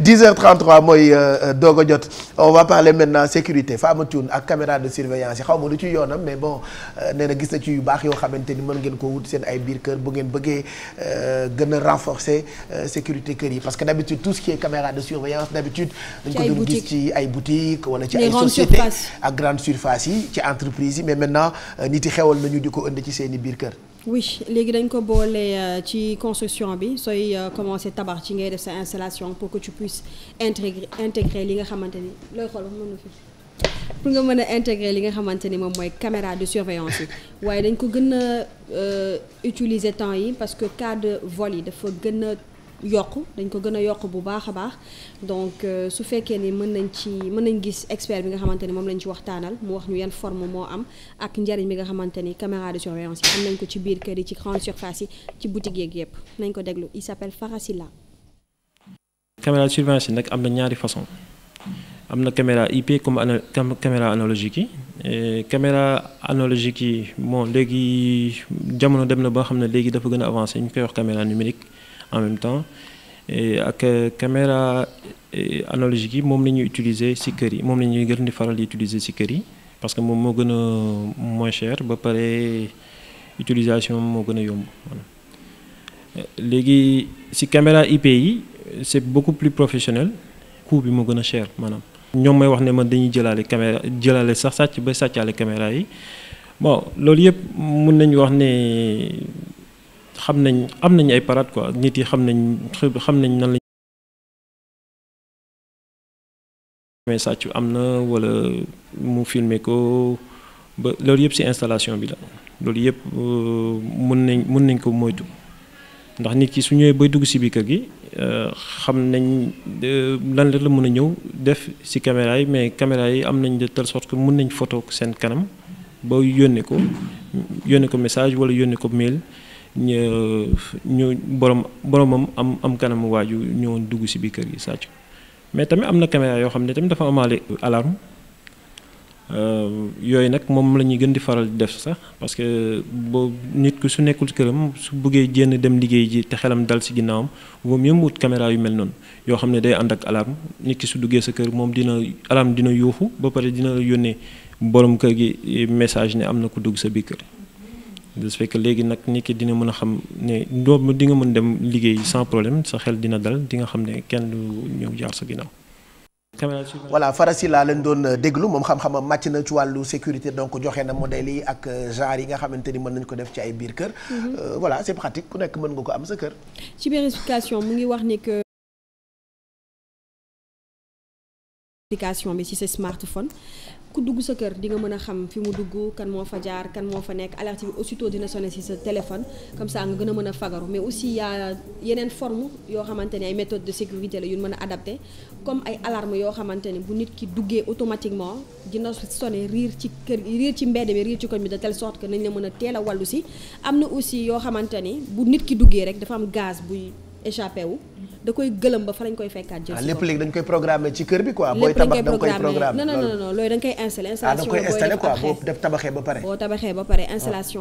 10h33 mooy euh, euh, doog jot on va parler maintenant sécurité Fama Thioune ak caméra de surveillance yi xaw ma lu ci yoonam mais bon euh, neena gis na ci yu baax yoo xamante ni mën ngeen ko wut seen ay biir kër bu ngeen bëggee gën a renforcer sécurité kër yi parce que d'habitude tout ce qui est caméra de surveillance d'habitude dañ ko doon gis ci ay boutiques wala ci ay société ak grande surface yi ci entreprise yi mais maintenant nit yi xewal nañu di ko ënd ci seen i biir kër oui léegi dañ ko boole euh, ci construction bi sooy euh, commencé tabax ci ngay def sa installation pour que tu puisses intégrer intégrer li nga xamante ni looy xool mënu fi pour nga mën a intégrer li nga xamante ni moom mooy caméra de surveillance yi waaye dañ ko gën a euh, utiliser temps yi parce que cas de vol yi dafa gën a yokk dañ ko gën a yokk bu baax a baax donc euh, su fekkee ni mën nañ ci mën nañ gis expert bi nga xamante ni moom lañ ci waxtaanal mu wax ñu yan forme moo am ak njariñ bi nga xamante ni caméra de surveillance yi am nañ ko ci biir kër yi ci grande surface yi ci boutique yeeg yëpp nañ ko déglu il s'appelle Farasila caméra de surveillance nag am na ñaari façon am na caméra IP comme ana caméra analogique yi caméra analogique yi bon léegi jamono dem na boo xam ne léegi dafa gën a avancé ñu koy wax caméra numérique en même temps ak euh, caméra euh, analogique yi moom la ñuy utiliser ci kër yi moom la ñuy gën di faral di utiliser si kër yi parce que moom moo gën a moins chair ba pare utilisation moo gën a yomb euh, léegi ci caméra IP yi c'est beaucoup plus professionnel coût bi moo gën a cher maanaam. ñoom may wax ne man dañuy jëlaale caméra jëlaale sax sàcc ba sàccaale caméra yi bon loolu yëpp mën nañu wax ne. xam nañ am nañ ay parade quoi nit yi xam nañ xam nañ nan lañ mais am na wala mu filmer ko ba loolu yëpp ci installation bi la loolu yëpp euh, mën nañ mën nañ ko moytu ndax nit ki su ñëwee bay dugg ci biir kër gi euh, xam nañ euh, lan la mën a ñëw def ci caméra yi mais caméra yi am nañ de telle sorte que mën nañ photo seen kanam ba yónnee ko yónnee ko message wala yónnee ko mail ñu ñu borom boromam am am kanam waaju ñëwoon dugg si biir kër gi sàcc mais tamit am na caméra yoo xam ne tamit dafa amaale alarme euh, yooyu nag moom la ñuy gën di faral di def sax parce que boo nit ku su nekkul këram su buggee jénn dem liggéey ji te xelam dal si ginnaawam moom yëpp wut caméra yu mel noonu yoo xam ne day ànd ak alarme nit ki su duggee sa kër moom dina alarme dina yuuxu ba pare dina la yónnee borom kër gi message ne am na ko dugg sa biir kër. de ce fait que léegi nag nit ki dina mën a xam ne doo di nga mën dem liggéey sans problème sa xel dina dal di xam ne kenn du ñëw jaar sa ginnaaw. voilà Farasi laa leen doon euh, déglu moom xam-xamam màcc na ci wàllu sécurité donc joxe na modèle yi ak euh, genre yi nga xamante ni mën nañ ko def ci ay biir kër. Mm-hmm. Euh, voilà c'est pratique ku nekk mën nga ko am sa kër. ci mu ngi wax ne que. application bi ci sa smartphone ku dugg sa kër di nga mën a xam fi mu dugg kan moo fa jaar kan moo fa nekk alerte bi aussitôt dina sonné ci sa téléphone comme ça nga gën a mën a fagaru mais aussi yaa yeneen forme yoo xamante ne ay méthode de sécurité la yu mën a adapté comme ay alarme yoo xamante ne bu nit ki duggee automatiquement dina sone riir ci kër riir ci mbedd mi riir ci koñ bi de telle sorte que nañ la mën a teel a wàllu si am na aussi yoo xamante ni bu nit ki duggee rek dafa am gaz buy échappé wu da koy gëlëm ba fa lañ koy fekkaat jël ah, lépp léegi dañ koy programmer ci kër bi quoi booy tabax da nga koy programmer non non non loolu da nga koy installé ah,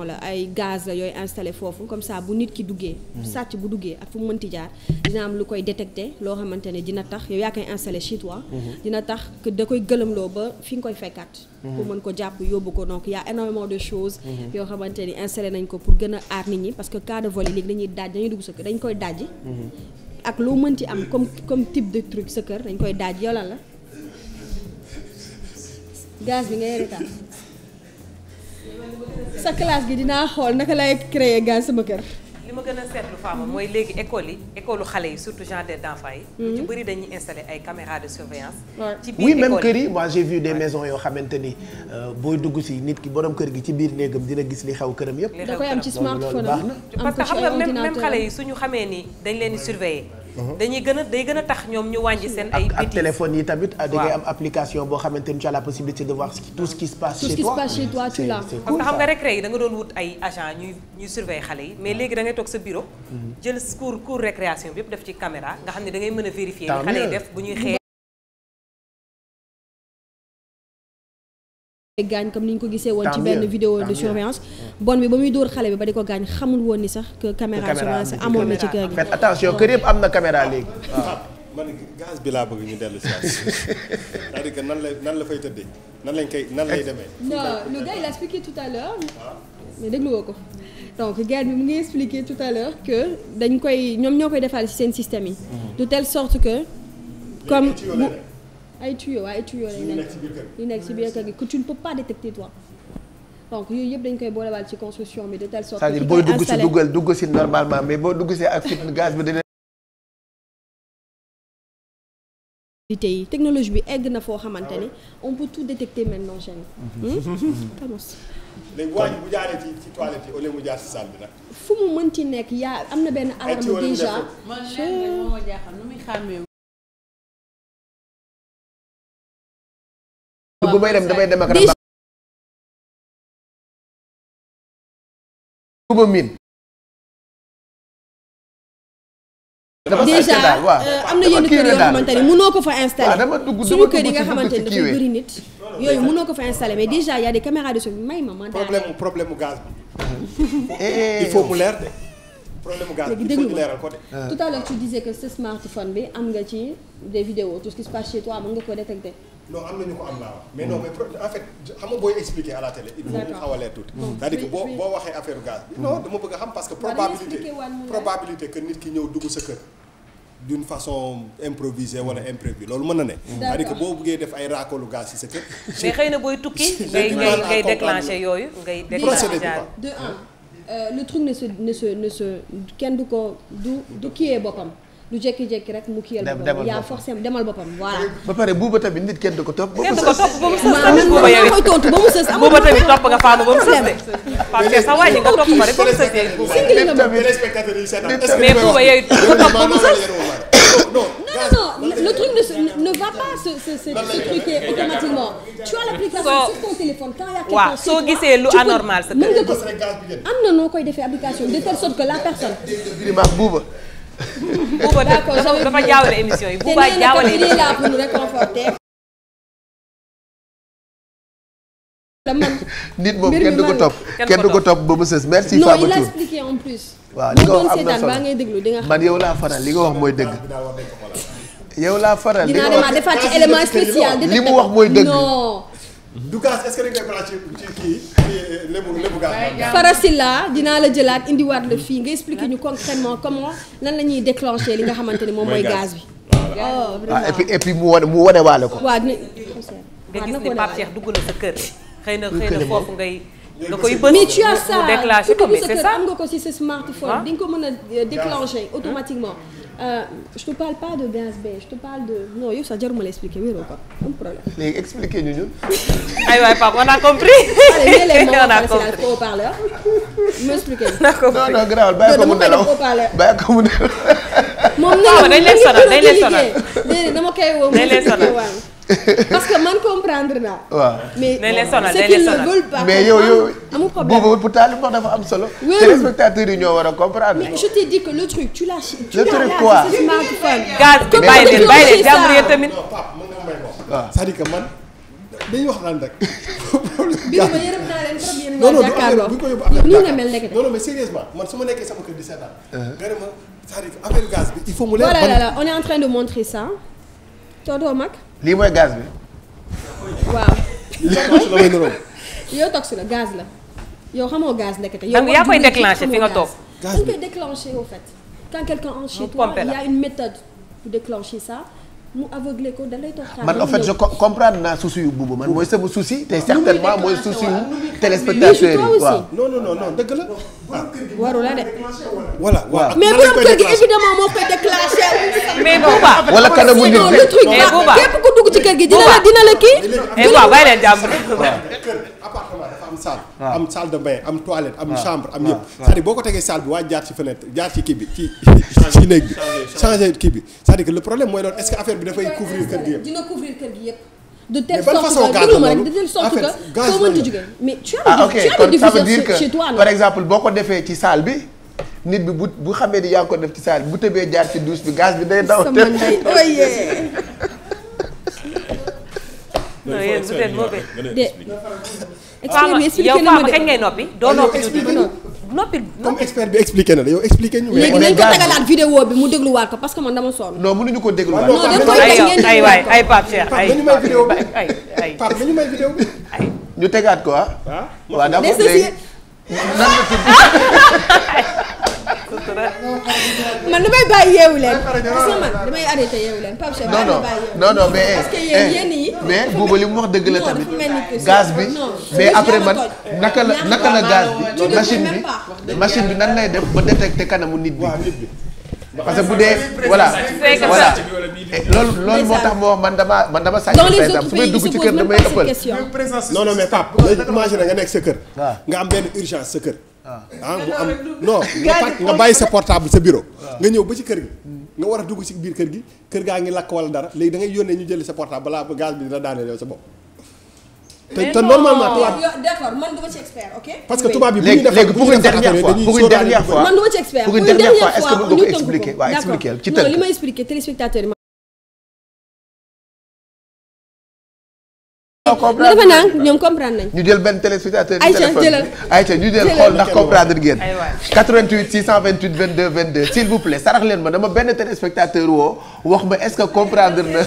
la ay gaz la yooyu installé foofu comme ça bu nit ki duggee hmm. sàcc bu duggee ak fu mu mënti jaar dina koy détecté loo xamante ne dina tax yow yaa koy installé chez hmm. dina tax que da koy ba fi nga koy fekkaat hmm. pour mën ko jàpp yóbbu ko donc y a yoo xamante ni installé ko pour gën a aar nit ñi parce que cas de vol yi léegi dañuy daaj dañuy dugg sa kër dañ koy dajji ak loo mënti am comme comme type de truc sa kër dañ koy daaj yola la gaz bi ngay retaan sa classe gi dinaa xool naka lay créer gaz sama kër. li ma gën a seetlu Fama mooy léegi école yi école xale yi surtout jardin d'enfants yi. ci mhm. bëri dañuy ay caméras de surveillance. ci biir école oui yi moi j'ai vu des yoo xamante ni euh, booy dugg si nit ki borom kër gi ci biir néegam dina gis li xew këram yëpp. da ci smartphone am parce que xam nga même même xale yi suñu xamee ni dañ leen di surveiller. dañuy gën a day gën a tax ñoom ñu wàññi seen ay bêtises téléphone yi tamit ah, a ngay am application boo xamante ni tu la possibilité de voir tout ce qui se passe chez toi chez toi tu l'as parce que xam nga récré yi da doon wut ay agent ñuy ñuy xale yi mais ah. léegi da ngay toog sa bureau mm-hmm. jël cours cours récréation bi yëpp def ci caméra nga xam ne dangay mën a vérifier li xale yi def bu ñuy xëyee gaañ comme ni ñu ko gisee woon ci benn vidéo de surveillance bon bi ba muy dóor xale bi ba di ko gaañ xamul woon ni sax kër yëpp am na caméra ah. léegi ah. Ah. man bi laa bëgg ñu dellu si waat nan lay nan la fay tëddee nan lañ koy nan lay demee. non le gars il a expliqué tout à l'heure mais déglu ko donc gars bi mu ngi expliqué tout à l'heure que dañ koy ñoom ñoo koy defal ci seen système yi. Hmm. de telle sorte que comme. ay tuyaux ay tuyaux lañ nekk yu nekk ci biir kër gi que tu ne peux pas détecter toi donc yooyu yëpp dañ koy boolewaal ci construction bi de telle sorte. cest dugg si duggal dugg si normalement mais boo dugg si ak fii gaz bi dina. tey technologie bi egg na foo xamante ne ah on peut tout détecter maintenant mhm. hmm? ci mu mënti nekk yaa am na benn alarme déjà. man bu may dem damay dem ak rab ba euh, am na yenn kër yoo xamante ko fa installé suñu kër yi nga xamante ni dafa nit yooyu mënoo ko fa installé mais déjà y a des caméras de surveillance may ma ma daal problème problème mu bi eh, eh, eh. il faut mu de problème mu gaz bi de ah. tout à l'heure tu disais que ce smartphone bi am nga ci des vidéos tout qui se passe chez nga ko détecter non am nañu ko am laa wax mais mm. non mais en fait xam nga booy expliquer à la télé il faut mu xaw a leer tuuti c'est-à-dire que boo boo waxee affaire gaz bi mm. non dama bëgg a xam parce que probabilité probabilité que nit ki ñëw dugg sa kër d'une façon improvisée wala imprévue loolu mën na ne. c'est-à-dire que boo buggee def ay raakolu gaz ci sa kër. mais xëy na booy tukki. ngay ngay ngay déclencher yooyu ngay. déclencher de un euh, le truc ne se ne se ne se kenn du ko du du kiyee boppam. du jékki-jékki rek mu kiyal boppam yaa forcément demal boppam ba pare buuba tamit nit kenn ko topp kenn ko topp ba mu sës buuba tamit topp nga faama ba mu sës de faam sa wàññi nga topp ko rek ba mu sës de mais buuba yow ko topp ba mu sës non non le truc ne ne va pas ce ce ce truc automatiquement tu as l'application sur ton téléphone quand il a lu anormal sa mën nga ko koy defee application de telle sorte que la personne buuba dafa jaawale émission yi nit moom kenn du ko topp kenn du ko topp ba mu sës merci Faba Tour non il a expliqué en plus waaw li nga wax am yow laa faral li nga wax mooy dëgg yow laa faral li nga wax li mu wax mooy dëgg du gaz est-ce que dañ koy balaa ci ci kii euh, Farasila dinaa la jëlaat indiwaat la fii nga expliquer ñu concrètement comment nan la ñuy déclencher li nga xamante ne moom mooy gaz bi. waaw oh, ah, vraiment et puis et mu wane mu wane waale ko. waa dina nga gis dugg na sa kër. xëy na xëy na nga koy bës mais tu as ça sa kër am nga ko si sa smartphone. Ah? di nga ko mën a euh, déclencher automatiquement. Euh, je te parle pas de gaz B je te parle de non yow sax jaruma la expliquer wéeroo ko am problème. léegi expliquer on a compris. on a compris on a non non garaawal bàyyi ko mu nelaw bàyyi ko mu nelaw. moom nelaw dañ leen sonal dañ leen sonal. dama parce que man comprendre naa. waaw mais ce qu'ils ne veulent pas. mais yow yow amul problème boobu pourtant li wax dafa am solo. téléspectateurs yi ñoo war a comprendre. mais je t'ai dit que le truc tu l'as. le truc quoi tu l'as bàyyi leen bàyyi leen jàmbur yéen tamit. waaw c'est-à-dire que man dañuy wax naan rek. bi ma yërëm naa leen trop yéen ñoo jàkkaarloo bu ñu ko yóbbu affaire nii nga mel nekk non non mais sérieusement man su ma nekkee sama kër di seetaan. Uh-huh. nga ne ma c'est-à-dire que affaire gaz bi il faut mu leer voilà là on est en train de montrer ça tonton Mag lii mooy gaz bi. waaw. yow tox la gaz la yow xamoo gaz ndekete. yow yaa koy déclenché fi nga toog. gaz bi dañ koy déclenché au fait. quand quelqu'un en chez toi il y a une méthode pour déclencher ça. mu aveuglé ko da lay toog xaar man en fait je comprendre naa souci yu buubu man mooy sama souci te certainement mooy souci yu téléspectateurs yi waaw non non non dëgg la. waru la de. wala kanamu nit bi mais booba képp ku dugg ci kër gi dina la dina la salle am salle de bain am toilette am chambre am yëpp cest boo ko tegee salle bi waa jaar ci fenêtre jaar ci kii bi ci ci néeg bi changer kii bi cest à que le problème mooy loolu est-ce bi ah, boo ko defee ci saal bi nit bi bu bu xamee ni yaa ko def ci salle bu tëbee jaar ci douche bi gaz bi day daw oh te expliqué na ma de yow kañ ngay noppi doo noppi noppi comme expert bi expliqué na la yow expliqué ñu. léegi nañ ko tagalaat vidéo bi mu dégluwaat ko parce que man dama sonn. non mënuñu ko dégluwaat. non da koy teg ngeen may vidéo bi ñu tegaat ko ah. ah waaw d' accord léegi nan la tudd man damay bàyyi yeewu leen. parce que man damay arrêté yeewu leen Pape Cheikh non non non mais parce que eh, yéen eh, yéen yi. mais boobu li mu wax dëgg la tamit. gaz bi mais après man naka la naka la gaz bi. machine bi machine bi nan lay def ba détecté kanamu nit bi. parce que bu dee voilà voilà eh, loolu loolu moo tax moo man dama man dama sàcc par exemple su may dugg ci kër damay ëppal non non mais Pape imagine nga nekk sa kër nga am benn urgence sa kër ah, ah am non nga pàcc nga bàyyi sa portable sa bureau ah. nga ñëw ba ci kër gi nga war a dugg si biir kër gi kër gaa ngi làkk wala dara léegi da ngay yónnee ñu jëli sa portable balaa ba gaz bi dina daaneel yow sa bopp te te ma ci tubaab yi bu ñu defee bu ñu defee pour une dernière fois man du ma ci expert. pour une dernière expliquer ci tënk non comprendre dafa ñoom comprendre nañ ñu jël benn téléspectateur bi téléphone bi Aïcha ñu jël xool ndax comprendre ngeen 88 628 22 22 s'il vous plaît sarax leen ma dama benn téléspectateur woo wax ma est-ce que comprendre na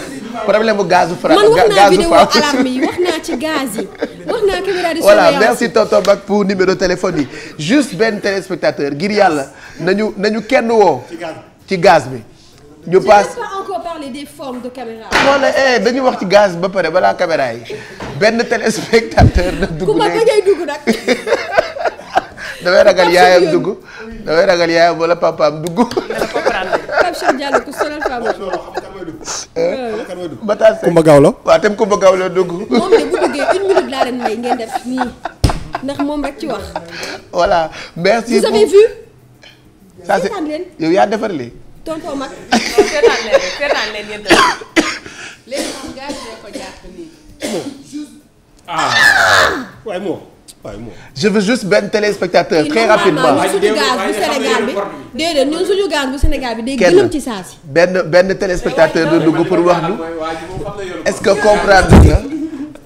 problème bu gazu fra man wax naa vidéo alarme yi wax naa ci gaz yi wax naa caméra de surveillance voilà merci tonton Bac pour numéro téléphone yi juste benn téléspectateur ngir yàlla nañu nañu kenn woo ci gaz bi ñu passe pas encore eh, dañu wax ci gaz ba pare balaa caméra yi benn téléspectateur na dugg ku ma bañay dugg nag. damay ragal yaayam dugg damay ragal yaayam wala papaam dugg. Pape Cheikh la. Matar Seck Kumba Gawlo. waaw tam dugg. moom de bu duggee une minute laa leen may ngeen def nii ndax moom rek ci wax. voilà merci. vous avez yow yaa defar lii. tonton mag. seetaan je veux juste benn téléspectateur très rapidement. ñun suñu gaz bu Sénégal bi déedéet ñun suñu gaz bu Sénégal bi day gëlëm ci saa si. benn benn téléspectateur du dugg pour wax ñu est-ce que comprendre nga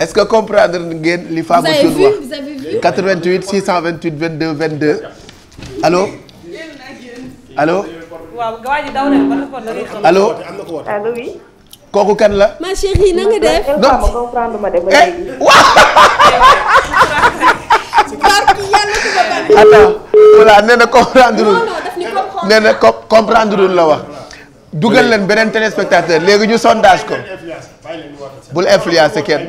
est-ce que comprendre ngeen li Faba Thioune wax. vous avez vu 88 628 22 22 allo allo. waaw waa ji daw na ba téléphone. allo kooku kan la. ma chérie na nga def. donc ma comprendre ma def ba eh, léegi. comprendre nee la wax. dugal leen beneen téléspectateur léegi ñu sondage ko bul influencer kenn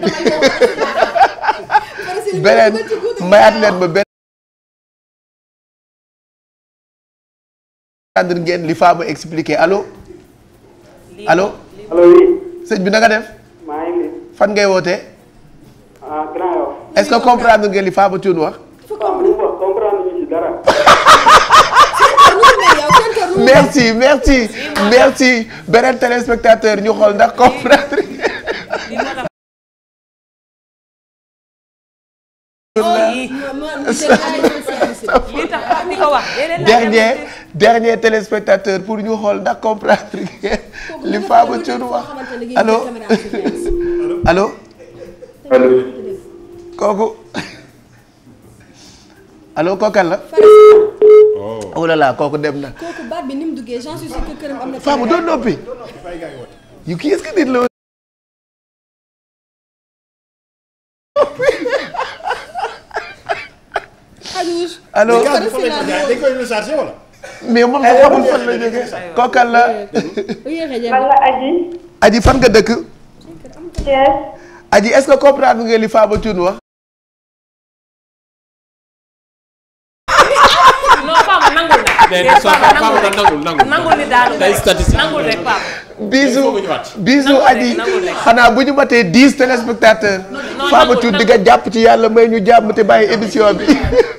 beneen mayaat leen ma beneen. comprendre ngeen li Faba expliqué allo. allo bi na nga ngay wootee. ah Grand Yoff. est-ce que comprendre ngeen li Faba ñu xool ndax oh, dernier dernier téléspectateur pour ñu xool ndax comprendre li Faba Thioune wax allo allo allo kooku allo kookan la. oh, oh kooku dem na. kooku doon noppi. yu kii est-ce la allo. mais moom sax xamul fan la jógee kookal la. Aji. fan nga dëkk. Aji est-ce que comprendre nga li Faba Thioune wax. non Faba na. Faba nangul nangul nangul ni Aji xanaa bu ñu matee dix téléspectateurs. non Faba Thioune di jàpp ci yàlla may ñu jàmm te bàyyi émission bi.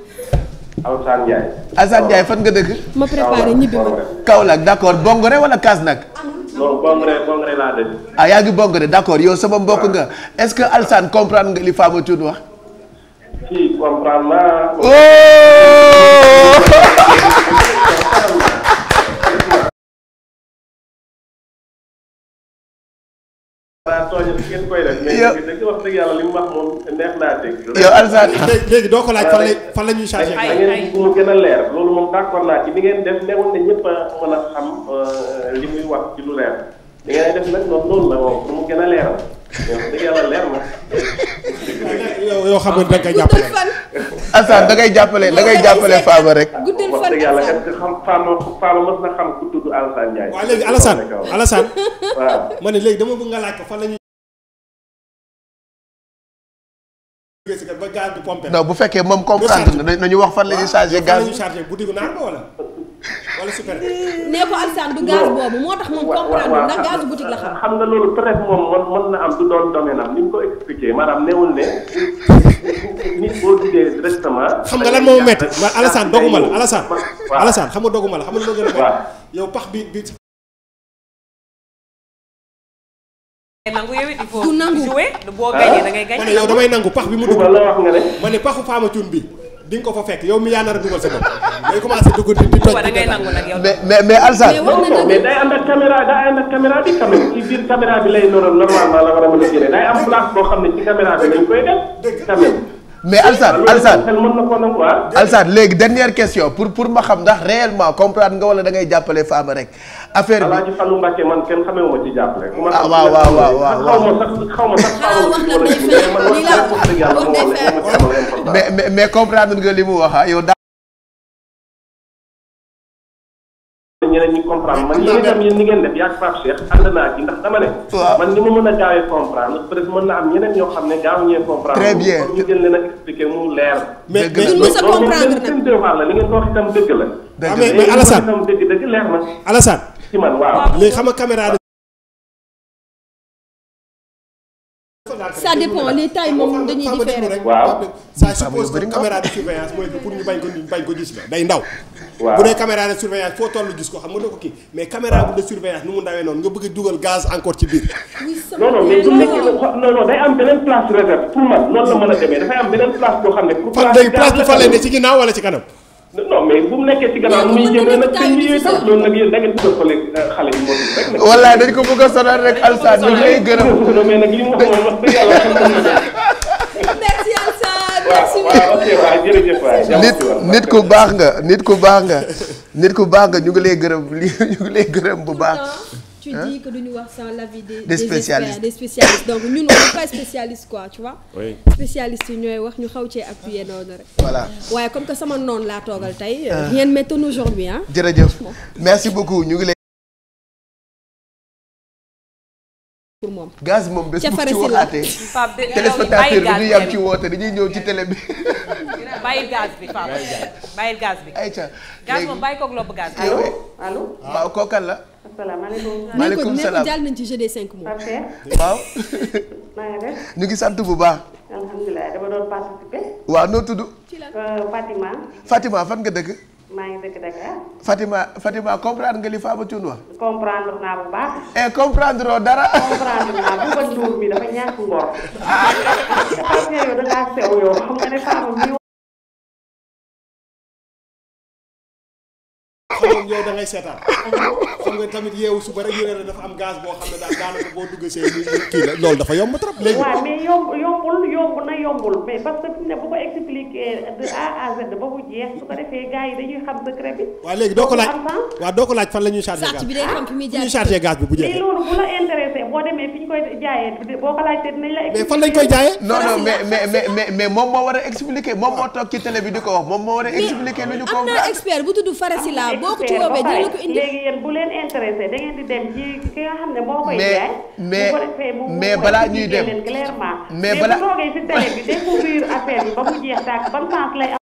Alassane Ndiaye. Alassane fan nga dëkk. ma préparé ñibbi ma Kaolack d' accord Bongore wala Kasnak. non ah yaa ngi Bongore d' accord yow sama mbokk nga est ce que Alassane comprendre nga li Fama Thioune wax. si comprendre laa waaw a ngeen koy def. yow mais wax dëgg yàlla li léegi doo ko laaj fan lay fan la ay ay da ngeen mu gën a leer loolu moom d'accord naa ci ni ngeen def newul ne ñëpp a mën a xam euh, li muy wax ci lu leer. li ngeen def nag noonu loolu la moom mu gën a leeral. dëgg yàlla leer na. yow yoo xam ne da ngay jàppale. Assane da ngay jàppale da ngay jàppale Fama rek. guddal fan dëgg yàlla xam Fama Fama ma ne léegi bu fekkee moom comprendre na nañu wax fan la ñuy chargé bu diggu naan wala. wala super. nee ko Alassane du gaz boobu moo tax moom comprendre ndax gaz boutique la xam. xam nga loolu peut être moom man na am du doon domaine am ni mu ko expliqué maanaam newul ne nit boo duggee directement. xam nga lan moo métti waaw Alassane la Alassane. waaw xam nga doguma la xam nga lu ma gën a. waaw yow pax bi bi. nangu yow it il faut. du nangu pax bi mu dugg. ma ne paxu bi. di nga ko fa fekk yow mi yaa nar a dugal sa bopp day commencé mais mais mais Alsaan. mais a mën a jëlee day am place boo xam ne ci caméra ah. léegi dernière question pour pour ma xam ndax réellement comprendre nga wala da ngay jàppale Fama rek affaire bi ma ci jàppale. ah waaw waaw waaw xaw ma mais mais mais comprendre nga li mu wax ah yow. ñeneen ñi comprendre man yéen itam yéen ñi ngeen def yaag Pape Cheikh ànd naa ci ndax dama ne man ni ma mën a gaawee comprendre peut être mën na am ñeneen yoo xam ne gaaw ñee comprendre très bien ñu jël leen a expliquer mu leer mais seen devoir la li ngeen ko wax itam dëgg la ah, mais Alassane itam dëgg dëgg leer na Alassane ci man waaw léegi xam nga caméra ça dépend les tailles moom dañuy différer. waaw ça suppose que caméra de surveillance mooy pour ñu bañ ko bañ ko gis la day ndaw. bu dee caméra de surveillance foo toll gis ko xam nga ne ko kii mais caméra bu de surveillance nu mu ndawee noonu nga bëgg dugal gaz encore ci biir. non day am beneen place réserve pour man noonu la place boo xam ne. pour ci ginnaaw wala ci kanam. non mais bu da a ko lekk xale yi moo dañ ko bëgg a sonal rek Alsaan ñu lay gërëm. mais nag li mu wax nit ku baax nga nit ku baax nga nit ku baax nga ñu ngi lay gërëm ñu ngi lay gërëm bu baax. tu hein? dis que duñu wax sans l'avis des, donc ñun on n'est spécialiste quoi tu spécialiste yi ñooy wax ñu xaw cee appuyer noonu rek. voilà waaye comme que sama noonu laa toogal tey. rien ne m'étonne aujourd'hui jërëjëf merci beaucoup ñu ngi leen pour moom gaz moom bés bu ci waxaatee téléspectateur bi du yam ci woote dañuy ñëw ci télé bi. bàyyil gaz bi Pape bàyyil gaz bi. ayca léegi gaz moom bàyyi koog lopp gaz. allo allo waaw kookan la. asalaamaaleykum. maaleykum salaam jàll nañ ci jeu des cinq mots. waaw. maa ngi def. ñu ngi sant bu baax. alhamdulilah dama doon participer. waaw noo tudd. Euh, Fatima. Fatima fan nga dëkk. maa ngi dëkk Dakar. Fatima Fatima comprendre nga li Faba Thioune wax. comprendre naa bu baax. et eh, comprendre dara. comprendre naa bu ko Ndour mi dafa ñàkk ngor. ah parce da ngaa sew xamoon yow da ngay seetaan xam nga tamit yeewu suba rek yore la dafa am gaz boo xam ne daal daanaka boo dugg see kii la loolu dafa yomb trop léegi waaw mais yomb yombul yomb na yombul mais parce que fi mu ne bu ko expliquer de A à Z ba mu jeex su ko defee gars yi dañuy xam secret bi waaw léegi doo ko laaj waaw doo ko laaj fan la ñuy chargé gaz bi day xam fi muy jaar ñuy chargé gaz bi bu jeexee loolu bu la intéressé boo demee fi ñu koy jaayee boo ko laajtee dinañ la mais fan lañ koy jaayee non non mais mais mais mais moom moo war a expliquer moom moo toog ci télé bi di ko wax moom moo war a expliquer lu ñu ko am na expert bu tudd Farasila boo ko léegi yéen bu leen intéressé da di dem ci ki nga xam ne moo koy jaay mais mais balaa ñuy dem clairement mais bu toogee si télé bi découvrir affaire bi ba mu jeex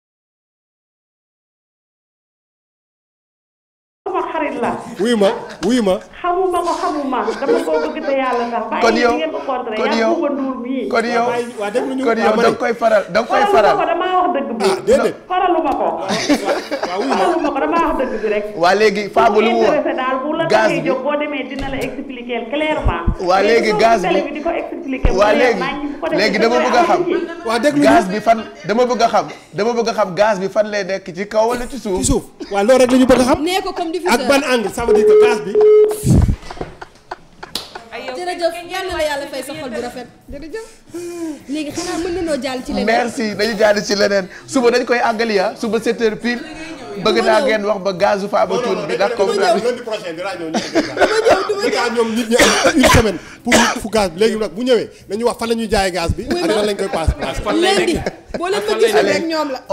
xarit la. wuy ma wuy ma. xamuma ko xamuma dama koo bëgg te yàlla ndax. kon yow kon da nga koy da nga koy faral. faraluma ko damaa wax dëgg bi. ah déedéet faraluma ko. Ah, waaw wuy ma faraluma bi rek. waa léegi Faabu lu mu la taxee jóg la expliquer clairement. waa léegi gaz bi waa léegi léegi dama bëgg a xam. waa déglu gaz bi fan dama bëgg a xam dama bëgg a xam gaz bi fan lay nekk ci kaw wala ci suuf. ci suuf rek la bëgg a xam. nee ko comme diffuseur ban angle sama veut dire que taas bi. jërëjëf yal na yàlla fay sa xol bu rafet jërëjëf léegi xanaa mën nañoo jàll ci leneen. merci dañu jàll ci leneen suba dañ koy àggali ah suba 7 heures bëgg naa ngeen wax ba gazu fa ba tuun bi. ndax comme daal lundi prochain dinaa ñëw ñoom nit ñi am une semaine pour fu gaz bi léegi nag bu ñëwee nañu wax fa la ñuy jaayee gaz bi. ak lan lañ koy paas. boo leen ma gisee rek ñoom la.